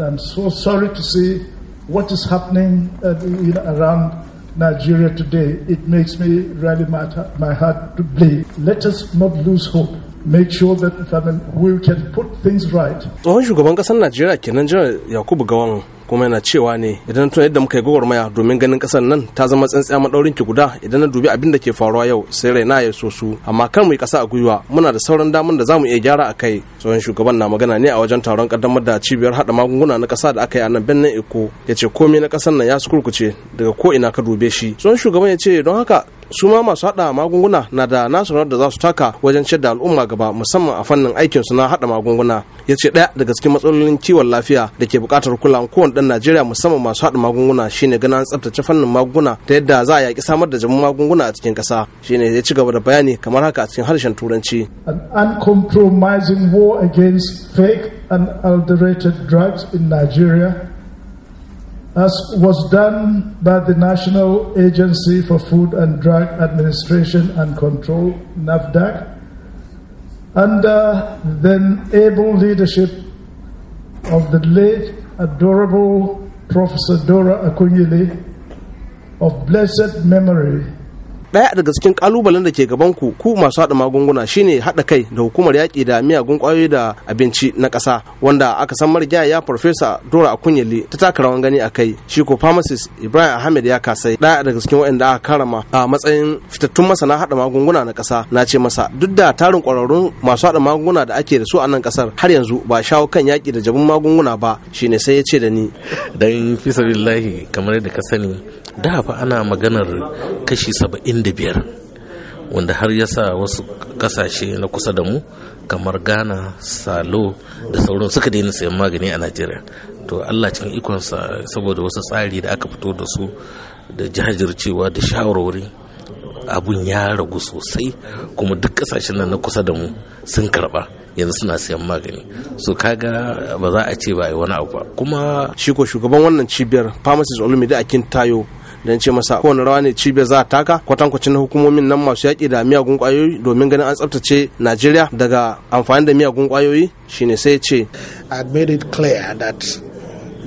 I'm so sorry to see what is happening uh, in, around Nigeria today. It makes me really my, my heart to bleed. Let us not lose hope. make sure that we can put things right. Gawan kuma yana cewa ne idan tun yadda muka yi gwagwarmaya domin ganin kasar nan ta zama tsantsiya madaurin ki guda idan na dubi abin da ke faruwa yau sai raina ya so su amma kar mu yi kasa a gwiwa muna da sauran damar da za mu iya gyara a kai tsohon shugaban na magana ne a wajen taron kaddamar da cibiyar hada magunguna na kasa da aka yi a nan birnin eko ya ce komai na kasar nan ya su kurkuce daga ko ina ka dube shi tsohon shugaban ya ce don haka su ma masu hada magunguna na da nasu da za su taka wajen ciyar da al'umma gaba musamman a fannin aikin su na hada magunguna ya ce daya daga cikin matsalolin kiwon lafiya da ke bukatar kulawa kowane dan najeriya musamman masu hada magunguna shine ganin an tsaftace fannin magunguna ta yadda za a yaki samar da jamin magunguna a cikin kasa shine ya ci gaba da bayani kamar haka a cikin harshen turanci an uncompromising war against fake and adulterated drugs in nigeria as was done by the National Agency for Food and Drug Administration and Control, NAFDAC, under the able leadership of the late adorable Professor Dora Akunyili of blessed memory ɗaya daga cikin kalubalen da ke gaban ku ku masu hada magunguna shine hada kai da hukumar yaki da miyagun kwayoyi da abinci na ƙasa wanda aka san marigaya ya farfesa dora a kunyali ta taka rawan gani a kai shi ko pharmacist ibrahim ahmed ya kasai daya daga cikin waɗanda aka karama a matsayin fitattun masana haɗa magunguna na kasa na ce masa duk da tarin kwararrun masu hada magunguna da ake da su a nan ƙasar har yanzu ba shawo kan yaki da jabin magunguna ba shine sai ya ce da ni dan fi kamar da ka sani da fa ana maganar kashi saba'in 25 wanda har ya sa wasu kasashe na kusa da mu kamar ghana salo da sauran suka daina sayan magani a najeriya to allah cikin ikonsa saboda wasu tsari da aka fito da su da jajircewa da shawarwari abun ya ragu sosai kuma duk kasashen nan na kusa da mu sun karba yanzu suna sayan magani so kaga ba za a ce ba wani abu ba kuma shi ko shugaban wannan cibiyar pharmacist olumide akin tayo don ce masa kowane rawa ne cibe za a taka kwatankwacin na hukumomin nan masu yaƙi da miyagun kwayoyi domin ganin an tsabtace najeriya daga amfani da miyagun ƙwayoyi shine sai ce i made it clear that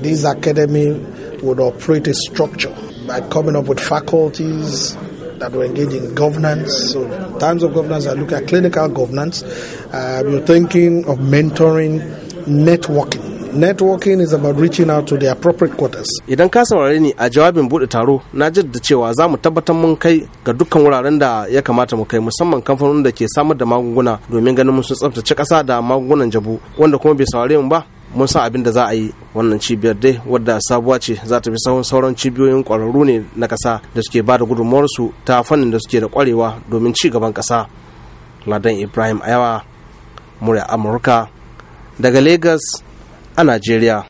this academy would operate a structure by coming up with faculties that were engage in governance. So, in terms of governance, I look at clinical governance. Uh, um, we're thinking of mentoring, networking. networking is about reaching out to the appropriate quarters idan ka saurare ni a jawabin bude taro na jaddada cewa za mu tabbatar mun kai ga dukkan wuraren da ya kamata mu kai musamman kamfanonin da ke samar da magunguna domin ganin mun sun tsaftace kasa da magungunan jabu wanda kuma bai saurare mu ba mun san abin da za a yi wannan cibiyar dai wadda sabuwa ce za ta fi sahun sauran cibiyoyin kwararru ne na kasa da suke ba da su ta fannin da suke da kwarewa domin ci gaban ƙasa. ladan ibrahim ayawa murya amurka daga lagos a Najeriya.